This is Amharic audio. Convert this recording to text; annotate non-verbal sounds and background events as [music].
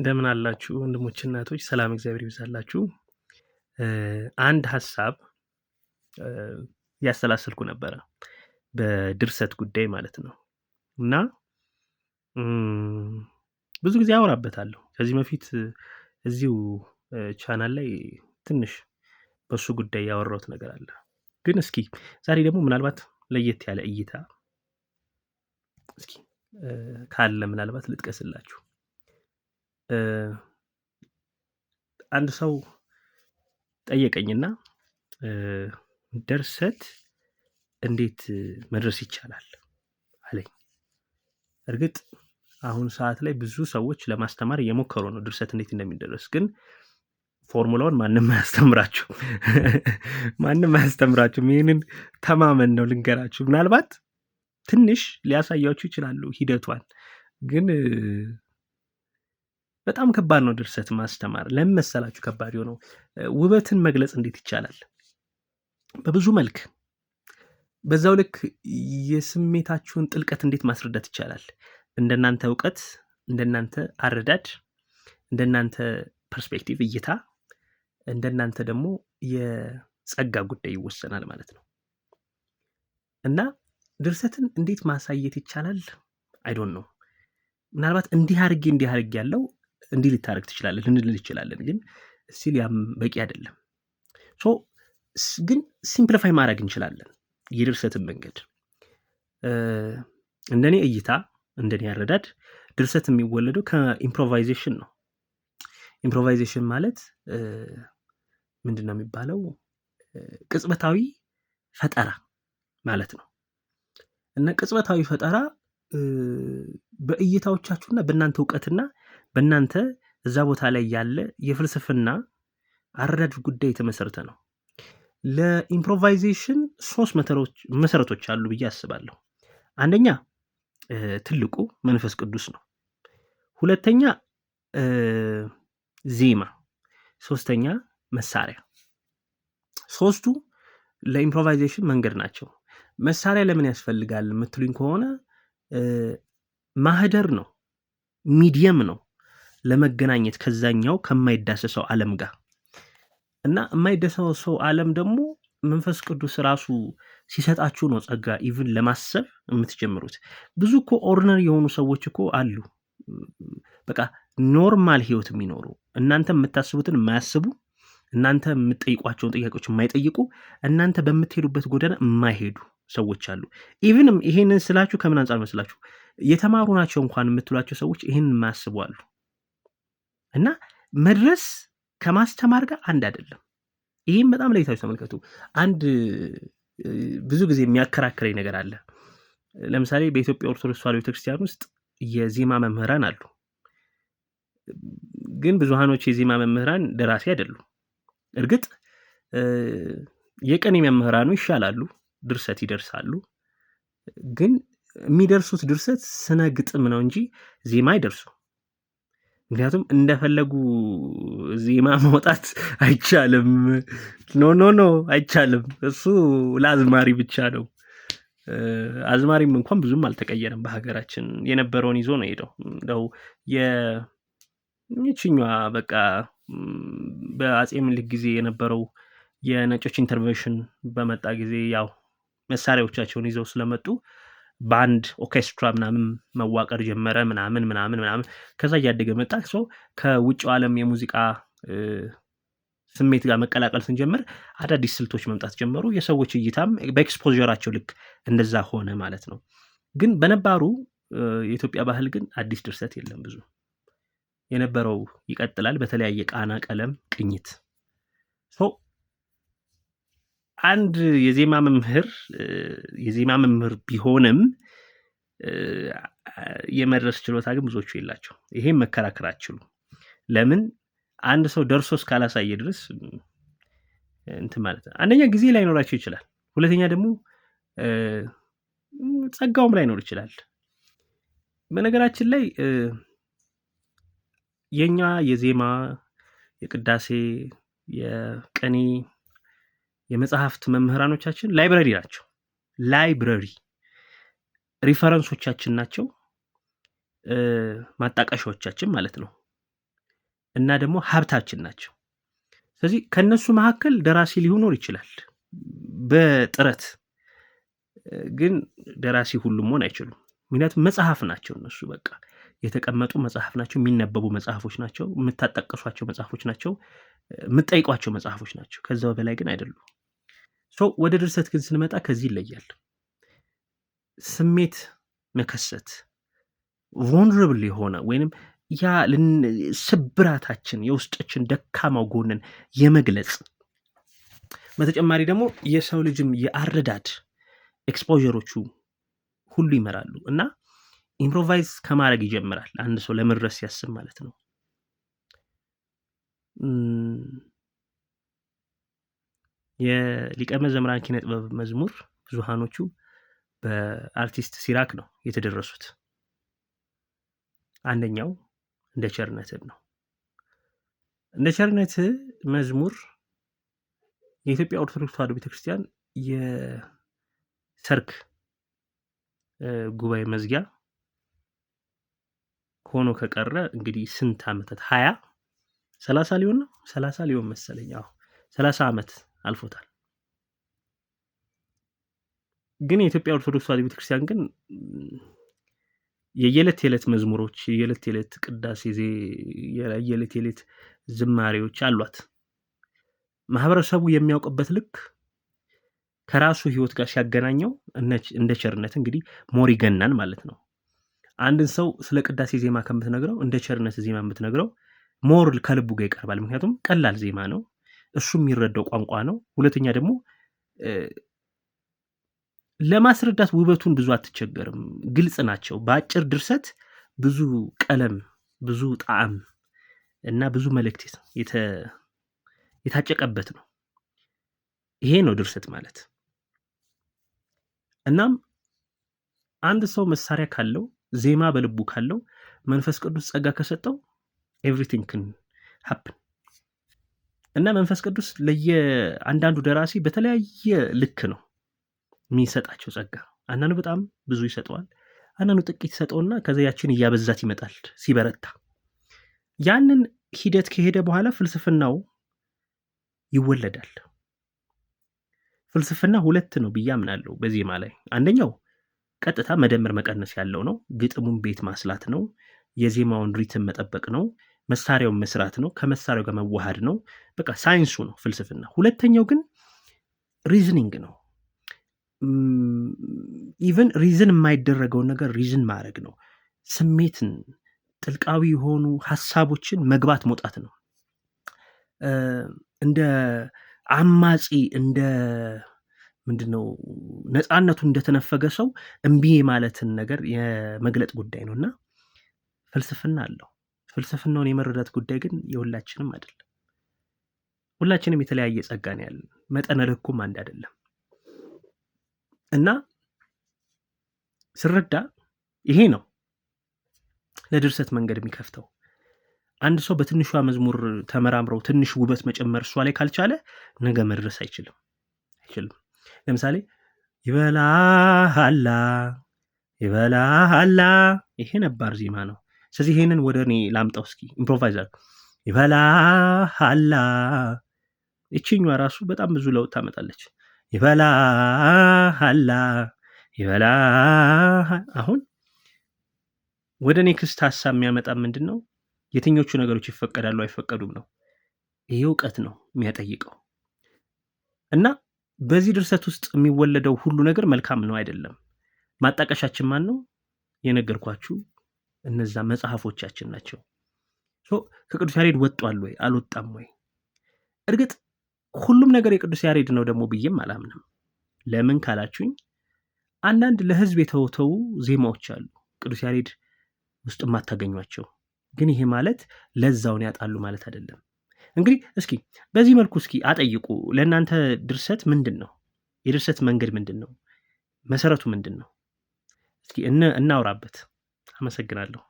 እንደምን አላችሁ ወንድሞች እናቶች፣ ሰላም እግዚአብሔር ይብዛላችሁ። አንድ ሀሳብ እያሰላሰልኩ ነበረ በድርሰት ጉዳይ ማለት ነው እና ብዙ ጊዜ አወራበታለሁ። ከዚህ በፊት እዚሁ ቻናል ላይ ትንሽ በእሱ ጉዳይ ያወራት ነገር አለ። ግን እስኪ ዛሬ ደግሞ ምናልባት ለየት ያለ እይታ እስኪ ካለ ምናልባት ልጥቀስላችሁ። አንድ ሰው ጠየቀኝና ደርሰት እንዴት መድረስ ይቻላል አለኝ። እርግጥ አሁን ሰዓት ላይ ብዙ ሰዎች ለማስተማር እየሞከሩ ነው ድርሰት እንዴት እንደሚደረስ ግን ፎርሙላውን ማንም አያስተምራችሁ [laughs] ማንም አያስተምራችሁም። ይህንን ተማመን ነው ልንገራችሁ። ምናልባት ትንሽ ሊያሳያችሁ ይችላሉ ሂደቷን ግን በጣም ከባድ ነው ድርሰት ማስተማር። ለምን መሰላችሁ ከባድ የሆነው? ውበትን መግለጽ እንዴት ይቻላል? በብዙ መልክ በዛው ልክ የስሜታችሁን ጥልቀት እንዴት ማስረዳት ይቻላል? እንደናንተ እውቀት፣ እንደናንተ አረዳድ፣ እንደናንተ ፐርስፔክቲቭ እይታ፣ እንደናንተ ደግሞ የጸጋ ጉዳይ ይወሰናል ማለት ነው እና ድርሰትን እንዴት ማሳየት ይቻላል? አይዶን ነው ምናልባት እንዲህ አርጌ እንዲህ አርጌ ያለው እንዲህ ልታደርግ ትችላለህ ልንልል ይችላለን። ግን ስቲል ያም በቂ አይደለም። ሶ ግን ሲምፕሊፋይ ማድረግ እንችላለን የድርሰትን መንገድ እንደኔ እይታ እንደኔ አረዳድ ድርሰት የሚወለደው ከኢምፕሮቫይዜሽን ነው። ኢምፕሮቫይዜሽን ማለት ምንድን ነው የሚባለው? ቅጽበታዊ ፈጠራ ማለት ነው። እና ቅጽበታዊ ፈጠራ በእይታዎቻችሁና በእናንተ እውቀትና በእናንተ እዛ ቦታ ላይ ያለ የፍልስፍና አረዳድ ጉዳይ የተመሰረተ ነው። ለኢምፕሮቫይዜሽን ሶስት መሰረቶች አሉ ብዬ አስባለሁ። አንደኛ ትልቁ መንፈስ ቅዱስ ነው። ሁለተኛ ዜማ፣ ሶስተኛ መሳሪያ። ሶስቱ ለኢምፕሮቫይዜሽን መንገድ ናቸው። መሳሪያ ለምን ያስፈልጋል የምትሉኝ ከሆነ ማህደር ነው፣ ሚዲየም ነው ለመገናኘት ከዛኛው ከማይዳሰሰው ዓለም ጋር እና የማይዳሰሰው ዓለም ደግሞ መንፈስ ቅዱስ ራሱ ሲሰጣችሁ ነው ጸጋ ኢቭን ለማሰብ የምትጀምሩት። ብዙ እኮ ኦርነር የሆኑ ሰዎች እኮ አሉ፣ በቃ ኖርማል ህይወት የሚኖሩ እናንተ የምታስቡትን የማያስቡ እናንተ የምትጠይቋቸውን ጥያቄዎች የማይጠይቁ እናንተ በምትሄዱበት ጎዳና የማይሄዱ ሰዎች አሉ። ኢቭንም ይሄንን ስላችሁ ከምን አንጻር መስላችሁ የተማሩ ናቸው እንኳን የምትሏቸው ሰዎች ይህን የማያስቡ አሉ። እና መድረስ ከማስተማር ጋር አንድ አይደለም። ይህም በጣም ለይታችሁ ተመልከቱ። አንድ ብዙ ጊዜ የሚያከራክረኝ ነገር አለ። ለምሳሌ በኢትዮጵያ ኦርቶዶክስ ተዋሕዶ ቤተክርስቲያን ውስጥ የዜማ መምህራን አሉ። ግን ብዙሃኖች የዜማ መምህራን ደራሲ አይደሉም። እርግጥ የቅኔ መምህራኑ ይሻላሉ፣ ድርሰት ይደርሳሉ። ግን የሚደርሱት ድርሰት ስነ ግጥም ነው እንጂ ዜማ አይደርሱም። ምክንያቱም እንደፈለጉ ዜማ ማውጣት አይቻልም። ኖ ኖ ኖ አይቻልም። እሱ ለአዝማሪ ብቻ ነው። አዝማሪም እንኳን ብዙም አልተቀየረም። በሀገራችን የነበረውን ይዞ ነው ሄደው እንደው የችኛ በቃ በአጼ ምኒልክ ጊዜ የነበረው የነጮች ኢንተርቬንሽን በመጣ ጊዜ ያው መሳሪያዎቻቸውን ይዘው ስለመጡ በአንድ ኦርኬስትራ ምናምን መዋቀር ጀመረ ምናምን ምናምን ምናምን ከዛ እያደገ መጣ። ሰው ከውጭው ዓለም የሙዚቃ ስሜት ጋር መቀላቀል ስንጀምር አዳዲስ ስልቶች መምጣት ጀመሩ። የሰዎች እይታም በኤክስፖዘራቸው ልክ እንደዛ ሆነ ማለት ነው። ግን በነባሩ የኢትዮጵያ ባህል ግን አዲስ ድርሰት የለም ብዙ የነበረው ይቀጥላል። በተለያየ ቃና፣ ቀለም፣ ቅኝት አንድ የዜማ መምህር የዜማ መምህር ቢሆንም የመድረስ ችሎታ ግን ብዙዎቹ የላቸው። ይሄም መከራከር አትችሉም። ለምን አንድ ሰው ደርሶ እስካላሳየ ድረስ እንትን ማለት ነው። አንደኛ ጊዜ ላይኖራቸው ይችላል። ሁለተኛ ደግሞ ጸጋውም ላይኖር ይችላል። በነገራችን ላይ የኛ የዜማ የቅዳሴ የቀኔ የመጽሐፍት መምህራኖቻችን ላይብረሪ ናቸው። ላይብረሪ ሪፈረንሶቻችን ናቸው፣ ማጣቀሻዎቻችን ማለት ነው። እና ደግሞ ሀብታችን ናቸው። ስለዚህ ከእነሱ መካከል ደራሲ ሊኖር ይችላል በጥረት ግን ደራሲ ሁሉም መሆን አይችሉም። ምክንያቱም መጽሐፍ ናቸው እነሱ በቃ የተቀመጡ መጽሐፍ ናቸው፣ የሚነበቡ መጽሐፎች ናቸው፣ የምታጠቀሷቸው መጽሐፎች ናቸው፣ የምትጠይቋቸው መጽሐፎች ናቸው። ከዛ በላይ ግን አይደሉም። ወደ ድርሰት ግን ስንመጣ ከዚህ ይለያል። ስሜት መከሰት ቮንረብል የሆነ ወይም ያ ስብራታችን የውስጣችን ደካማው ጎንን የመግለጽ በተጨማሪ ደግሞ የሰው ልጅም የአረዳድ ኤክስፖሮቹ ሁሉ ይመራሉ እና ኢምፕሮቫይዝ ከማድረግ ይጀምራል አንድ ሰው ለመድረስ ሲያስብ ማለት ነው። የሊቀ መዘምራን ኪነ ጥበብ መዝሙር ብዙሃኖቹ በአርቲስት ሲራክ ነው የተደረሱት። አንደኛው እንደ ቸርነትን ነው። እንደ ቸርነት መዝሙር የኢትዮጵያ ኦርቶዶክስ ተዋሕዶ ቤተክርስቲያን የሰርክ ጉባኤ መዝጊያ ሆኖ ከቀረ እንግዲህ ስንት ዓመታት ሀያ ሰላሳ ሊሆን ነው ሰላሳ ሊሆን መሰለኝ። ሰላሳ ዓመት አልፎታል። ግን የኢትዮጵያ ኦርቶዶክስ ተዋሕዶ ቤተክርስቲያን ግን የየዕለት የዕለት መዝሙሮች፣ የየዕለት የዕለት ቅዳሴ፣ የየዕለት የዕለት ዝማሬዎች አሏት። ማህበረሰቡ የሚያውቅበት ልክ ከራሱ ህይወት ጋር ሲያገናኘው እንደ ቸርነት እንግዲህ ሞር ይገናን ማለት ነው። አንድን ሰው ስለ ቅዳሴ ዜማ ከምትነግረው እንደ ቸርነት ዜማ የምትነግረው ሞር ከልቡ ጋር ይቀርባል። ምክንያቱም ቀላል ዜማ ነው። እሱ የሚረዳው ቋንቋ ነው። ሁለተኛ ደግሞ ለማስረዳት ውበቱን ብዙ አትቸገርም። ግልጽ ናቸው። በአጭር ድርሰት ብዙ ቀለም፣ ብዙ ጣዕም እና ብዙ መልእክት የታጨቀበት ነው። ይሄ ነው ድርሰት ማለት። እናም አንድ ሰው መሳሪያ ካለው፣ ዜማ በልቡ ካለው፣ መንፈስ ቅዱስ ጸጋ ከሰጠው ኤቭሪቲንግ ክን ሀፕን እና መንፈስ ቅዱስ ለየአንዳንዱ ደራሲ በተለያየ ልክ ነው የሚሰጣቸው ጸጋ። አንዳንዱ በጣም ብዙ ይሰጠዋል፣ አንዳንዱ ጥቂት ይሰጠውና ከዚያ ያችን እያበዛት ይመጣል ሲበረታ። ያንን ሂደት ከሄደ በኋላ ፍልስፍናው ይወለዳል። ፍልስፍና ሁለት ነው ብዬ አምናለሁ በዜማ ላይ። አንደኛው ቀጥታ መደመር መቀነስ ያለው ነው። ግጥሙን ቤት ማስላት ነው። የዜማውን ሪትም መጠበቅ ነው። መሳሪያውን መስራት ነው። ከመሳሪያው ጋር መዋሃድ ነው። በቃ ሳይንሱ ነው ፍልስፍና። ሁለተኛው ግን ሪዝኒንግ ነው። ኢቨን ሪዝን የማይደረገውን ነገር ሪዝን ማድረግ ነው። ስሜትን፣ ጥልቃዊ የሆኑ ሀሳቦችን መግባት መውጣት ነው። እንደ አማጺ እንደ ምንድነው ነፃነቱ እንደተነፈገ ሰው እምቢ ማለትን ነገር የመግለጥ ጉዳይ ነው እና ፍልስፍና አለው። ፍልስፍናውን የመረዳት ጉዳይ ግን የሁላችንም አይደለም። ሁላችንም የተለያየ ጸጋ ነው ያለን። መጠነ ልኩም አንድ አይደለም እና ስረዳ ይሄ ነው ለድርሰት መንገድ የሚከፍተው። አንድ ሰው በትንሿ መዝሙር ተመራምረው ትንሽ ውበት መጨመር እሷ ላይ ካልቻለ ነገ መድረስ አይችልም አይችልም። ለምሳሌ ይበላሃላ ይበላሃላ ይሄ ነባር ዜማ ነው። ስለዚህ ይሄንን ወደ እኔ ላምጣው እስኪ ኢምፕሮቫይዘር ይበላሃላ ይችኛ ራሱ በጣም ብዙ ለውጥ ታመጣለች። ይበላሃላ ይበላ አሁን ወደ ክስት ሀሳብ የሚያመጣ ምንድን ነው? የትኞቹ ነገሮች ይፈቀዳሉ አይፈቀዱም ነው። ይህ እውቀት ነው የሚያጠይቀው እና በዚህ ድርሰት ውስጥ የሚወለደው ሁሉ ነገር መልካም ነው አይደለም። ማጣቀሻችን ማን ነው? የነገርኳችሁ እነዛ መጽሐፎቻችን ናቸው። ከቅዱስ ያሬድ ወጧል ወይ አልወጣም ወይ? እርግጥ ሁሉም ነገር የቅዱስ ያሬድ ነው ደግሞ ብዬም አላምንም። ለምን ካላችሁኝ አንዳንድ ለህዝብ የተወተው ዜማዎች አሉ ቅዱስ ያሬድ ውስጥ የማታገኟቸው ግን ይሄ ማለት ለዛውን ያጣሉ ማለት አይደለም። እንግዲህ እስኪ በዚህ መልኩ እስኪ አጠይቁ። ለእናንተ ድርሰት ምንድን ነው? የድርሰት መንገድ ምንድን ነው? መሰረቱ ምንድን ነው? እስኪ እናውራበት። Vamos a cerrarlo.